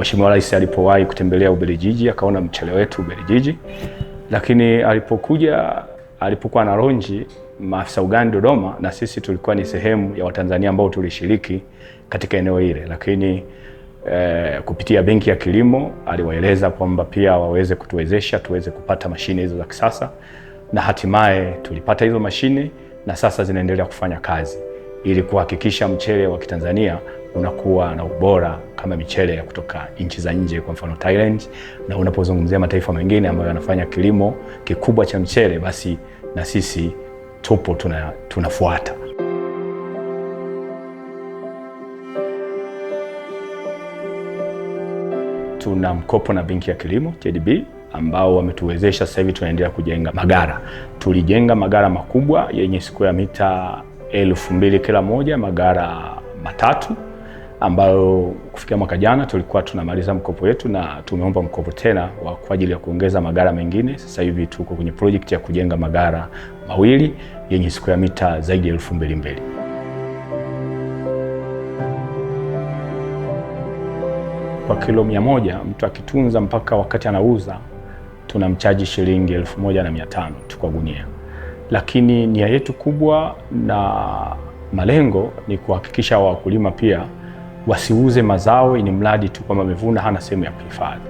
Mheshimiwa Rais alipowahi kutembelea uberijiji akaona mchele wetu uberijiji lakini alipokuja alipokuwa na ronji maafisa ugani Dodoma, na sisi tulikuwa ni sehemu ya Watanzania ambao tulishiriki katika eneo ile, lakini eh, kupitia benki ya kilimo aliwaeleza kwamba pia waweze kutuwezesha tuweze kupata mashine hizo za kisasa, na hatimaye tulipata hizo mashine na sasa zinaendelea kufanya kazi ili kuhakikisha mchele wa Kitanzania unakuwa na ubora kama michele ya kutoka nchi za nje, kwa mfano Thailand. Na unapozungumzia mataifa mengine ambayo yanafanya kilimo kikubwa cha mchele, basi na sisi tupo tuna, tunafuata. Tuna mkopo na benki ya kilimo JDB ambao wametuwezesha. Sasa hivi tunaendelea kujenga magara. Tulijenga magara makubwa yenye siku ya mita elfu mbili kila moja, magara matatu ambayo kufikia mwaka jana tulikuwa tunamaliza mkopo wetu na tumeomba mkopo tena wa kwa ajili ya kuongeza magara mengine. Sasa hivi tuko kwenye project ya kujenga magara mawili yenye square mita zaidi ya elfu mbili mbili. Kwa kilo mia moja mtu akitunza mpaka wakati anauza tunamchaji shilingi elfu moja na mia tano tu kwa gunia, lakini nia yetu kubwa na malengo ni kuhakikisha wakulima pia wasiuze mazao ili mradi tu kwamba amevuna, hana sehemu ya kuhifadhi.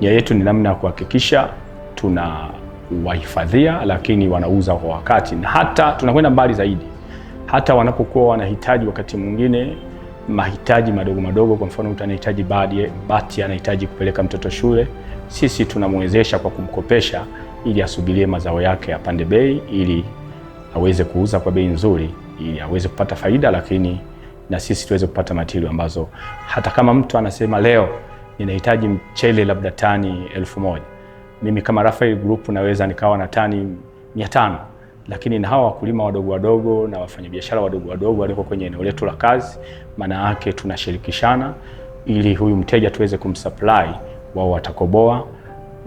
Nia yetu ni namna ya kuhakikisha tuna wahifadhia, lakini wanauza kwa wakati, na hata tunakwenda mbali zaidi, hata wanapokuwa wanahitaji wakati mwingine mahitaji madogo madogo. Kwa mfano, mtu anahitaji bati, anahitaji kupeleka mtoto shule, sisi tunamwezesha kwa kumkopesha, ili asubirie mazao yake apande bei, ili aweze kuuza kwa bei nzuri, ili aweze kupata faida, lakini na sisi tuweze kupata matilio ambazo hata kama mtu anasema leo ninahitaji mchele labda tani elfu moja mimi kama Rafael Group naweza nikawa na tani mia tano lakini na hawa wakulima wadogo wadogo na wafanyabiashara wadogo wadogo walioko kwenye eneo letu la kazi, maana yake tunashirikishana ili huyu mteja tuweze kumsupply, wao watakoboa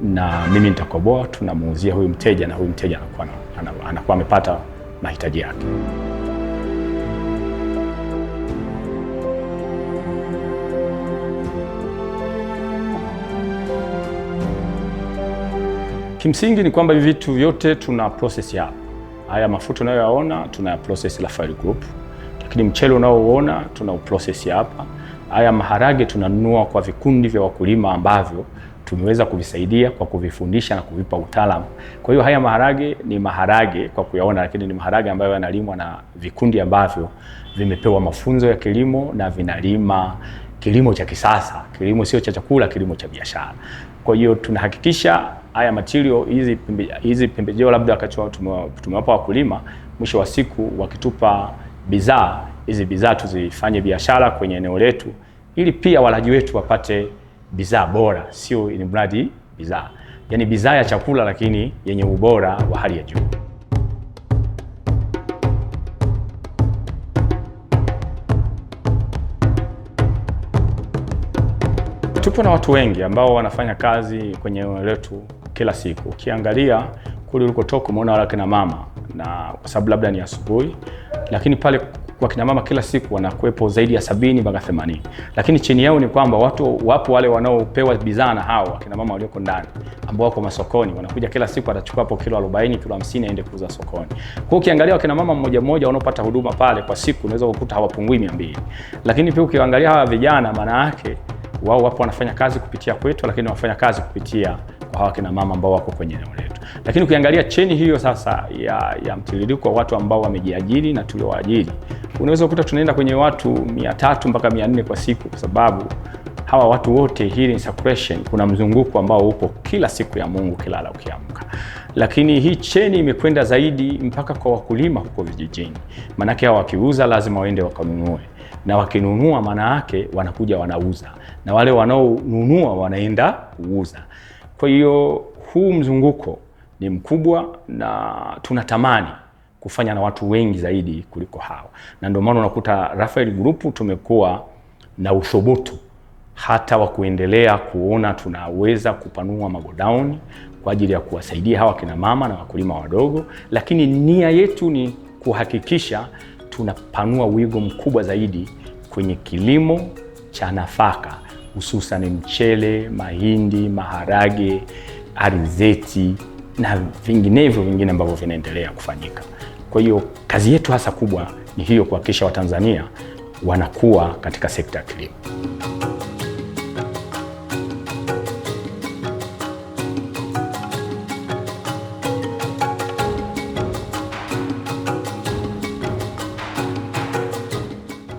na mimi nitakoboa, tunamuuzia huyu mteja na huyu mteja anakuwa amepata mahitaji yake. Kimsingi ni kwamba hivi vitu vyote tuna process hapa. Haya mafuta unayoyaona tuna process Raphael Group, lakini mchele unaouona tuna process hapa. Haya maharage tunanunua kwa vikundi vya wakulima ambavyo tumeweza kuvisaidia kwa kuvifundisha na kuvipa utaalamu. Kwa hiyo haya maharage ni maharage kwa kuyaona, lakini ni maharage ambayo yanalimwa na vikundi ambavyo vimepewa mafunzo ya kilimo na vinalima kilimo cha kisasa, kilimo sio cha chakula, kilimo cha biashara. Kwa hiyo tunahakikisha haya material hizi hizi pembejeo labda wakati tumewapa wakulima, mwisho wa siku wakitupa bidhaa hizi, bidhaa tuzifanye biashara kwenye eneo letu, ili pia walaji wetu wapate bidhaa bora, sio ni mradi bidhaa, yani bidhaa ya chakula, lakini yenye ubora wa hali ya juu. Tupo na watu wengi ambao wanafanya kazi kwenye eneo letu kila siku. Ukiangalia kule ulikotoka, umeona wale akina mama, na kwa sababu labda ni asubuhi, lakini pale kwa kina mama kila siku wanakuwepo zaidi ya sabini mpaka themanini, lakini chini yao ni kwamba watu wapo wale wanaopewa bidhaa na hao akina mama walioko ndani ambao wako masokoni, wanakuja kila siku, atachukua hapo kilo 40 kilo 50 aende kuuza sokoni. Kwa ukiangalia wakina mama mmoja mmoja wanaopata huduma pale kwa siku unaweza kukuta hawapungui 200, lakini pia ukiangalia hawa vijana, maana yake wao wapo wanafanya kazi kupitia kwetu, lakini wanafanya kazi kupitia hawa kina mama ambao wako kwenye eneo letu. Lakini ukiangalia cheni hiyo sasa ya, ya mtiririko wa watu ambao wamejiajiri na tuliowaajiri, unaweza kukuta tunaenda kwenye watu 300 mpaka 400 kwa siku, kwa sababu hawa watu wote, hii ni circulation, kuna mzunguko ambao upo kila siku ya Mungu kilala ukiamka. Lakini hii cheni imekwenda zaidi mpaka kwa wakulima huko vijijini, maanake hawa wakiuza lazima waende wakanunue na wakinunua, maana yake wanakuja wanauza, na wale wanaonunua wanaenda kuuza. Kwa hiyo huu mzunguko ni mkubwa na tunatamani kufanya na watu wengi zaidi kuliko hawa, na ndio maana unakuta Raphael Group tumekuwa na uthubutu hata wa kuendelea kuona tunaweza kupanua magodauni kwa ajili ya kuwasaidia hawa kina mama na wakulima wadogo, lakini nia yetu ni kuhakikisha tunapanua wigo mkubwa zaidi kwenye kilimo cha nafaka hususan mchele, mahindi, maharage, alizeti na vinginevyo vingine ambavyo vinaendelea kufanyika. Kwa hiyo kazi yetu hasa kubwa ni hiyo, kuhakikisha Watanzania wanakuwa katika sekta ya kilimo.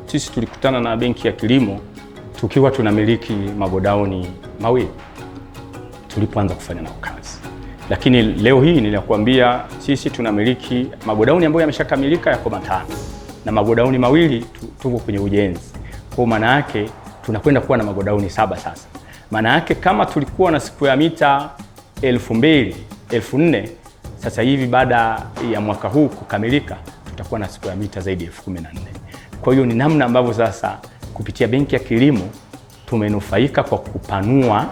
Sisi tulikutana na Benki ya Kilimo tukiwa tunamiliki magodauni mawili tulipoanza kufanya nao kazi, lakini leo hii ninakuambia sisi tunamiliki magodauni ambayo yameshakamilika yako matano na magodauni mawili tuko kwenye ujenzi. Kwa maana yake tunakwenda kuwa na magodauni saba sasa. Maana yake kama tulikuwa na siku ya mita elfu mbili elfu nne sasa hivi baada ya mwaka huu kukamilika tutakuwa na siku ya mita zaidi ya elfu kumi na nne. Kwa hiyo ni namna ambavyo sasa kupitia Benki ya Kilimo tumenufaika kwa kupanua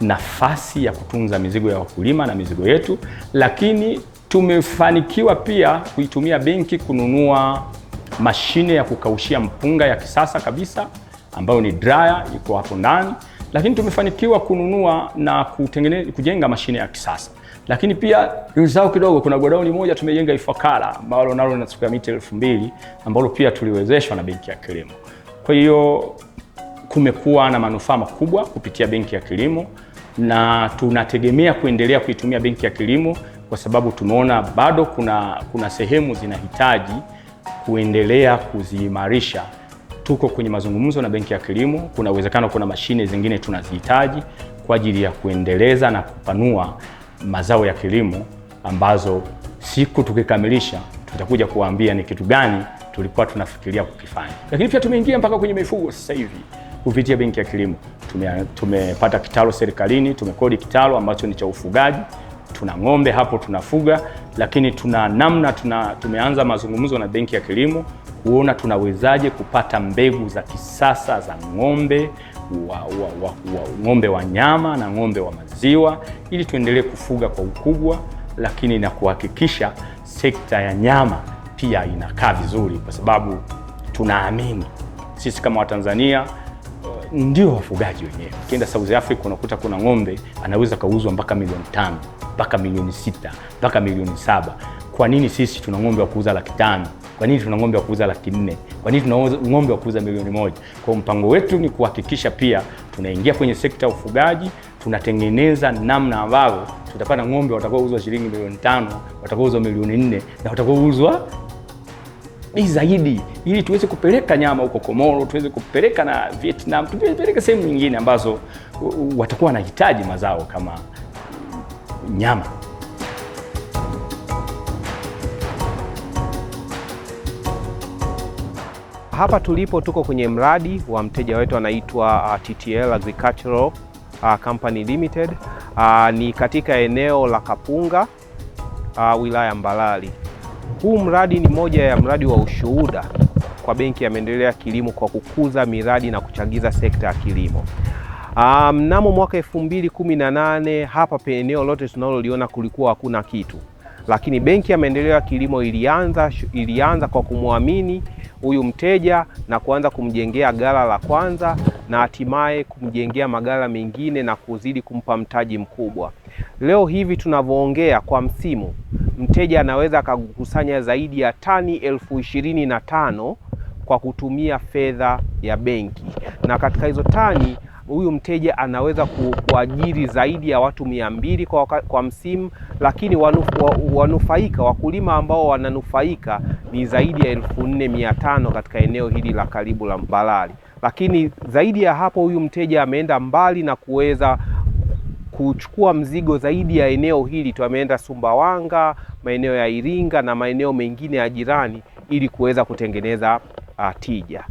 nafasi ya kutunza mizigo ya wakulima na mizigo yetu, lakini tumefanikiwa pia kuitumia benki kununua mashine ya kukaushia mpunga ya kisasa kabisa ambayo ni dryer iko hapo ndani, lakini tumefanikiwa kununua na kutengeneza, kujenga mashine ya kisasa lakini pia zao kidogo, kuna godauni moja tumejenga Ifakara ambalo nalo linachukua mita elfu mbili ambalo pia tuliwezeshwa na Benki ya Kilimo. Kwa hiyo kumekuwa na manufaa makubwa kupitia benki ya kilimo na tunategemea kuendelea kuitumia benki ya kilimo kwa sababu tumeona bado kuna, kuna sehemu zinahitaji kuendelea kuziimarisha. Tuko kwenye mazungumzo na benki ya kilimo. Kuna uwezekano kuna mashine zingine tunazihitaji kwa ajili ya kuendeleza na kupanua mazao ya kilimo ambazo siku tukikamilisha tutakuja kuwaambia ni kitu gani tulikuwa tunafikiria kukifanya. Lakini pia tumeingia mpaka kwenye mifugo sasa hivi kupitia benki ya kilimo. Tume, tumepata kitalo serikalini, tumekodi kitalo ambacho ni cha ufugaji. Tuna ng'ombe hapo tunafuga, lakini tuna namna tuna, tumeanza mazungumzo na benki ya kilimo kuona tunawezaje kupata mbegu za kisasa za ng'ombe wa, wa, wa, wa, ng'ombe wa nyama na ng'ombe wa maziwa ili tuendelee kufuga kwa ukubwa, lakini na kuhakikisha sekta ya nyama pia inakaa vizuri, kwa sababu tunaamini sisi kama Watanzania eh, ndio wafugaji wenyewe. Ukienda South Africa unakuta kuna ng'ombe anaweza kauzwa mpaka milioni tano mpaka milioni sita mpaka milioni saba. Kwa nini sisi tuna ng'ombe wa kuuza laki tano? Kwa nini tuna ng'ombe wa kuuza laki nne? Kwa nini tuna ng'ombe wa kuuza milioni moja? Kwa mpango wetu ni kuhakikisha pia tunaingia kwenye sekta ya ufugaji, tunatengeneza namna ambavyo tutapata ng'ombe watakaouzwa shilingi milioni tano, watakaouzwa milioni nne na watakaouzwa zaidi, ili tuweze kupeleka nyama huko Komoro, tuweze kupeleka na Vietnam, tupeleke sehemu nyingine ambazo watakuwa wanahitaji mazao kama nyama. Hapa tulipo tuko kwenye mradi wa mteja wetu anaitwa uh, TTL Agricultural uh, Company Limited. Uh, ni katika eneo la Kapunga, wilaya Mbalali. Huu mradi ni moja ya mradi wa ushuhuda kwa Benki ya Maendeleo ya Kilimo kwa kukuza miradi na kuchagiza sekta ya kilimo. Ah, mnamo um, mwaka 2018 hapa eneo lote tunaloliona kulikuwa hakuna kitu, lakini Benki ya Maendeleo ya Kilimo ilianza, ilianza kwa kumwamini huyu mteja na kuanza kumjengea ghala la kwanza na hatimaye kumjengea magala mengine na kuzidi kumpa mtaji mkubwa. Leo hivi tunavyoongea, kwa msimu mteja anaweza akakusanya zaidi ya tani elfu ishirini na tano kwa kutumia fedha ya benki, na katika hizo tani huyu mteja anaweza kuajiri zaidi ya watu mia mbili kwa, kwa msimu, lakini wanufaika wakulima ambao wananufaika ni zaidi ya elfu nne mia tano katika eneo hili la karibu la Mbalali. Lakini zaidi ya hapo, huyu mteja ameenda mbali na kuweza kuchukua mzigo zaidi ya eneo hili tu, ameenda Sumbawanga, maeneo ya Iringa na maeneo mengine ya jirani ili kuweza kutengeneza uh, tija.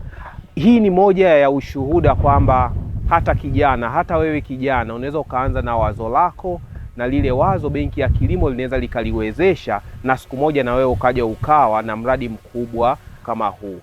Hii ni moja ya ushuhuda kwamba hata kijana, hata wewe kijana, unaweza ukaanza na wazo lako na lile wazo Benki ya Kilimo linaweza likaliwezesha na siku moja na wewe ukaja ukawa na mradi mkubwa kama huu.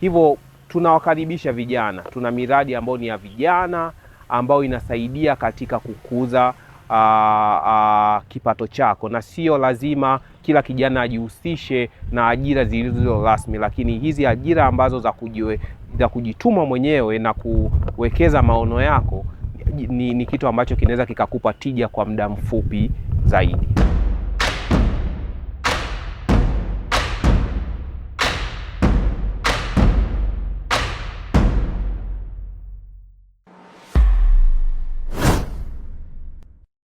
Hivyo tunawakaribisha vijana. Tuna miradi ambayo ni ya vijana ambayo inasaidia katika kukuza a, ah, a, ah, kipato chako, na sio lazima kila kijana ajihusishe na ajira zilizo rasmi, lakini hizi ajira ambazo za kujue, za kujituma mwenyewe na kuwekeza maono yako ni, ni kitu ambacho kinaweza kikakupa tija kwa muda mfupi zaidi.